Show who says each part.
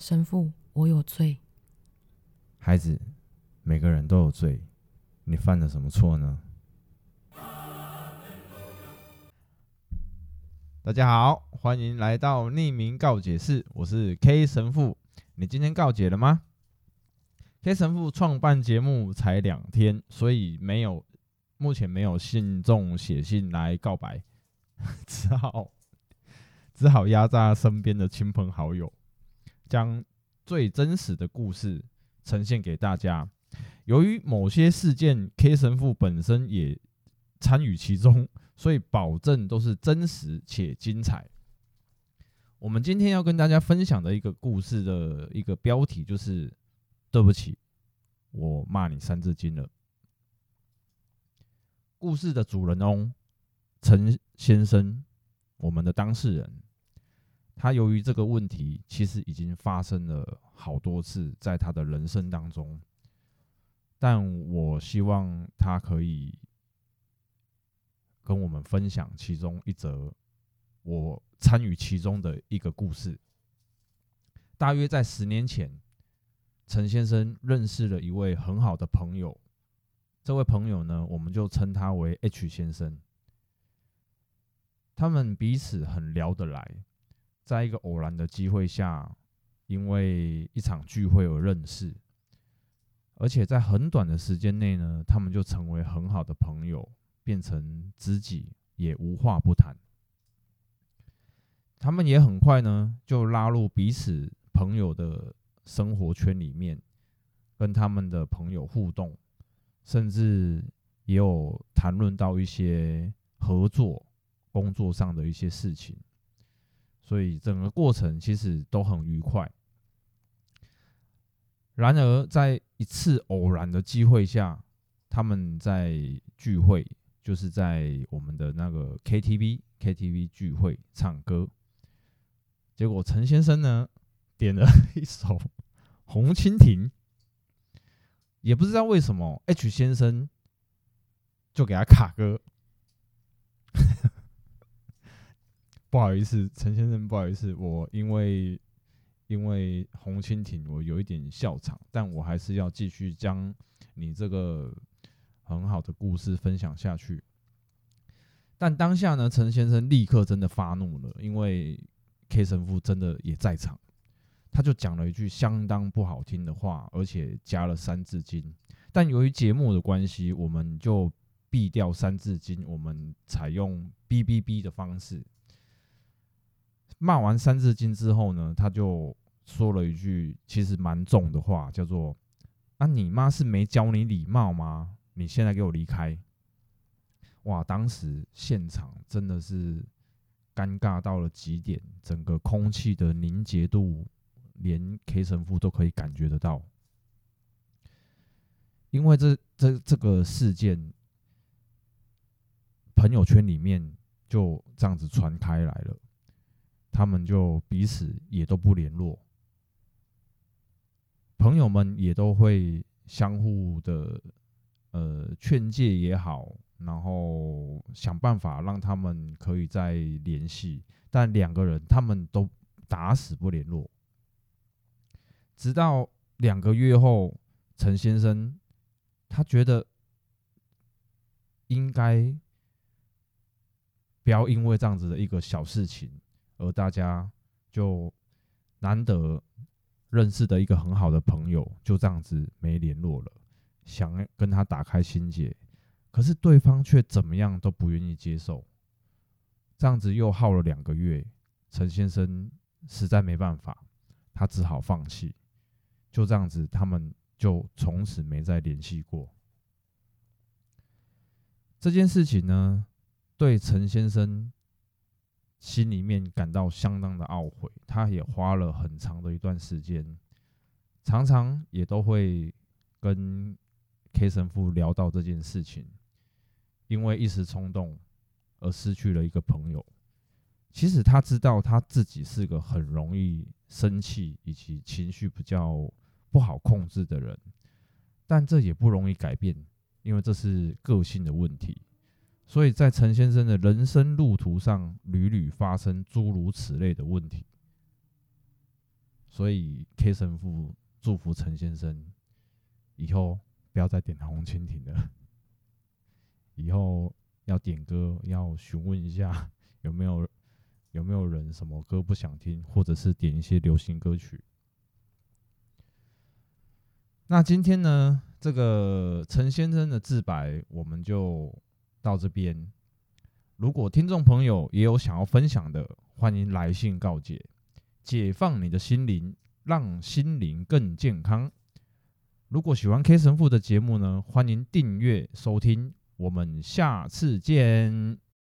Speaker 1: 神父，我有罪。孩子，每個人都有罪，你犯了什麼錯呢？大家好，歡迎來到匿名告解室，我是 K 神父。你今天告解了嗎？K 神父創辦節目才兩天，所以沒有，目前沒有信眾寫信來告白， 只好，只好壓榨身邊的親朋好友。將最真實的故事呈現給大家。由於某些事件，K 神父本身也參與其中，所以保證都是真實且精彩。我們今天要跟大家分享的一個故事的一個標題就是：“對不起，我罵你三字經了。”故事的主人翁陳先生，我們的當事人。他由於這個問題，其實已經發生了好多次，在他的人生當中。但我希望他可以跟我們分享其中一則我參與其中的一個故事。大約在十年前，陳先生認識了一位很好的朋友。這位朋友呢，我們就稱他為 H 先生。他們彼此很聊得來。在一個偶然的機會下，因為一場聚會而認識，而且在很短的時間內呢，他們就成為很好的朋友，變成知己，也無話不談。他們也很快呢，就拉入彼此朋友的生活圈裡面，跟他們的朋友互動，甚至也有談論到一些合作工作上的一些事情。所以整個過程其實都很愉快。然而，在一次偶然的機會下，他們在聚會，就是在我們的那個 KTV，KTV KTV 聚會唱歌。結果陳先生呢，點了一首《紅蜻蜓》，也不知道為什麼，H 先生就給他卡歌。不好意思，陳先生，不好意思，我因為因為紅蜻蜓，我有一點笑場，但我還是要繼續將你這個很好的故事分享下去。但當下呢，陳先生立刻真的發怒了，因為 K 神父真的也在場，他就講了一句相當不好聽的話，而且加了三字經。但由於節目的關係，我們就避掉三字經，我們採用嗶嗶嗶的方式。罵完《三字經》之後呢，他就說了一句其實蠻重的話，叫做：“啊，你媽是沒教你禮貌嗎？你現在給我離開！”哇，當時現場真的是尷尬到了極點，整個空氣的凝結度，連 K 神父都可以感覺得到。因為這這這個事件，朋友圈裡面就這樣子傳開來了。他們就彼此也都不聯絡，朋友們也都會相互的，呃，勸誡也好，然後想辦法讓他們可以再聯繫。但兩個人他們都打死不聯絡，直到兩個月後，陳先生他覺得應該不要因為這樣子的一個小事情，而大家就難得認識的一個很好的朋友，就這樣子沒聯絡了。想跟他打開心結，可是對方卻怎麼樣都不願意接受。這樣子又耗了兩個月，陳先生實在沒辦法，他只好放棄。就這樣子，他們就從此沒再聯繫過。這件事情呢，對陳先生。心裡面感到相當的懊悔，他也花了很長的一段時間，常常也都會跟 K 神父聊到這件事情，因為一時衝動而失去了一個朋友。其實他知道他自己是個很容易生氣以及情緒比較不好控制的人，但這也不容易改變，因為這是個性的問題。所以在陳先生的人生路途上，屢屢發生諸如此類的問題。所以 K 神父祝福陳先生，以後不要再點紅蜻蜓了。以後要點歌，要詢問一下有沒有，有沒有人什麼歌不想聽，或者是點一些流行歌曲。那今天呢，這個陳先生的自白，我們就，到這邊，如果聽眾朋友也有想要分享的，歡迎來信告解，解放你的心靈，讓心靈更健康。如果喜歡 K 神父的節目呢，歡迎訂閱收聽，我們下次見。